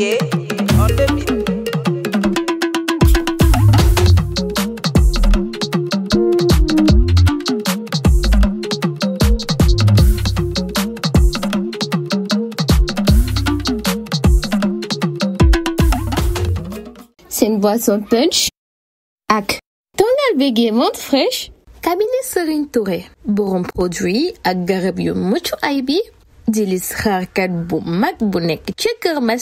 C'est une boisson punch. Ak. albégué monte fraîche. Cabinet Serine Touré. Bon produit à garabio yu dilis xaarkat bu checker bu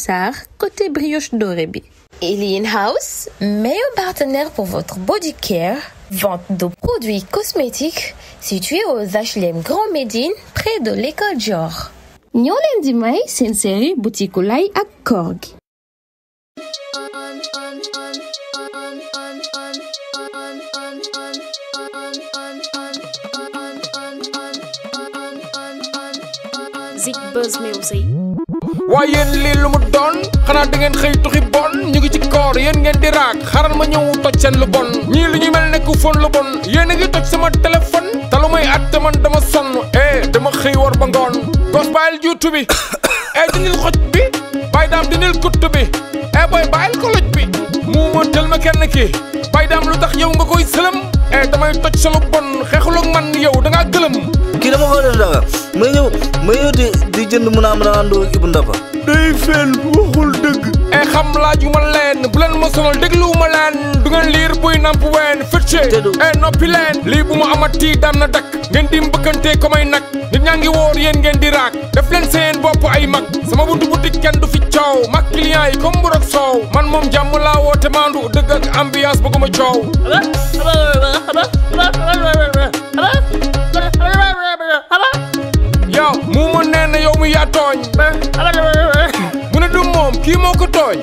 côté brioche dorée bi. House, meilleur partenaire pour votre body care, vente de produits cosmétiques situé aux HLM Grand Médine près de l'école Dior. Nous lundi di may série boutique à ak Zik Buzz Music waaye yéen lii lu mu doon xanaa da ngeen xëy tuxi bon ñu ngi ci koor yéen ngeen di raak xaral ma ñëw toj lu bon ñii lu ñu mel ne ku fon lu bon yéen ngi toj sama téléphone te lu may at man dama sonn eh dama xëy war ba ngoon gos bàyyil eh dindil xoj bi bàyyi daam dindil kutt bi eh booy bàyyil ko loj bi muuma tël ma kenn ki bàyyi daam lu tax yow nga koy sëlëm eh damay toj sa bon xeexul man yow da ngaa gëlëm gina ma xoolee daal ma ñëw ma ñëw di di jënd mu naam naan doo ibu ndafa. day fel waxul dëgg. ay eh, xam laa ju ma leen bu leen ma sonal déglu ma leen du ngeen liir buy namp ween eh, fëccee. te du ay noppi bu ma amat tii na dakk ngeen di mbëkkante ko may nag. nit ñaa ngi woor yéen ngeen di raag def leen seen bopp ay mag sama buntu buntu kenn du fi coow mag client yi comme mu rog soow man moom jàmm laa woote maandu dëgg ak ambiance bëgguma coow. ah ah ah ah ah ah kii moo ko tooy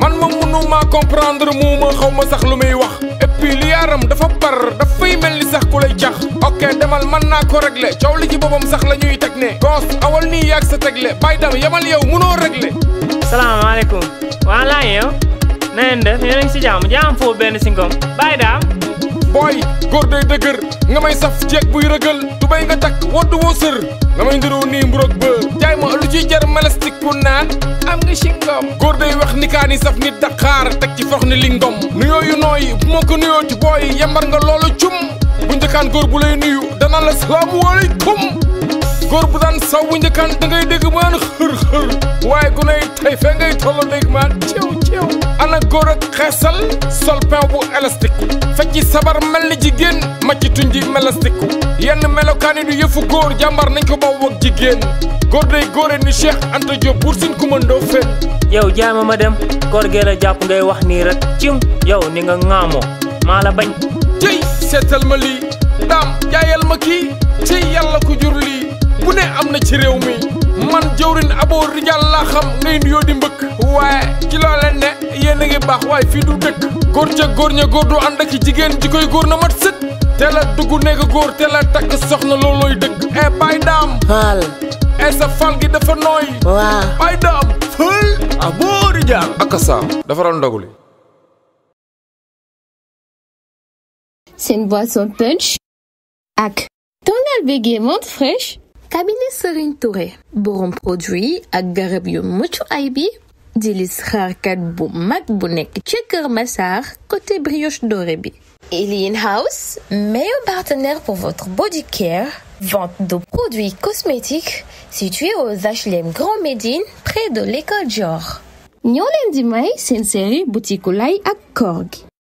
man ma munu maa comprendre mu ma xaw ma sax lu muy wax et puis li yaaram dafa par dafay mel ni sax ku lay jax ok demal mën naa ko régler coow li ci boppam sax la ñuy teg ne goos awal nii yàgg sa tegle bàyyi dam yamal yow munoo régler salaamaaleykum waa laa yow na ngeen def yéen a ngi si jàmm jaam foofu benn si ngom bàyyi daam góor day dëgër ngamay saf jek buy reugal du bay nga tak wodu wo seur ngamay ndiro ni mbrok be jay ma lu ci jar malastik ku nan am nga shingom gor day wax ni kani saf nit dakar tak ci fokh ni lingom nu yoyu noy bu moko nuyo ci boy yambar nga lolu cum bu ndikan gor bu lay nuyu dana la assalamu alaykum góor bu daan saw bu njëkkaan da ngay dégg maan xër xër waaye gu nay tey fe ngay toll léegi maan ceew ceew ana góor ak xeesal sol pain bu élastiku fecci sabar mel ni jigéen macci tuñ ji melastiku yenn melokaan yi du yëfu góor jàmbar nañ ko baw ak jigéen góor day góore ni Cheikh Anta Diop buur sin ku mëndoo fen yow jaama ma dem koor gee la jàpp ngay wax nii rek cim yow ni nga ŋaamoo maa la bañ jëy seetal ma lii daam jaayal ma kii ci yàlla ku jur lii bu ne am na ci réew mi man jëwrin Abo Rijal laa xam ngay nuyoo di mbëkk waaye ci loo leen ne yéen ngi baax waaye fii du dëkk góor ca góor ña góor du ànd ak jigéen ji koy góor na mat sëkk teel a dugg nekk góor teel a takk soxna loolooy dëkk e eh, bay daam xaal e eh, sa fal gi dafa nooy waaw bay daam fël Abo akasa dafaral ndoguli seen cabinet Serigne Touré borom produit ak garab yu mucc aybi bi di lis xaarkat bu mag bu nekk ci côté brioche doré. bi. House meilleur partenaire pour votre body care vente de produits cosmétiques situé aux HLM Grand Médine près de l'école Dior. Nous leen boutique série boutique lay ak à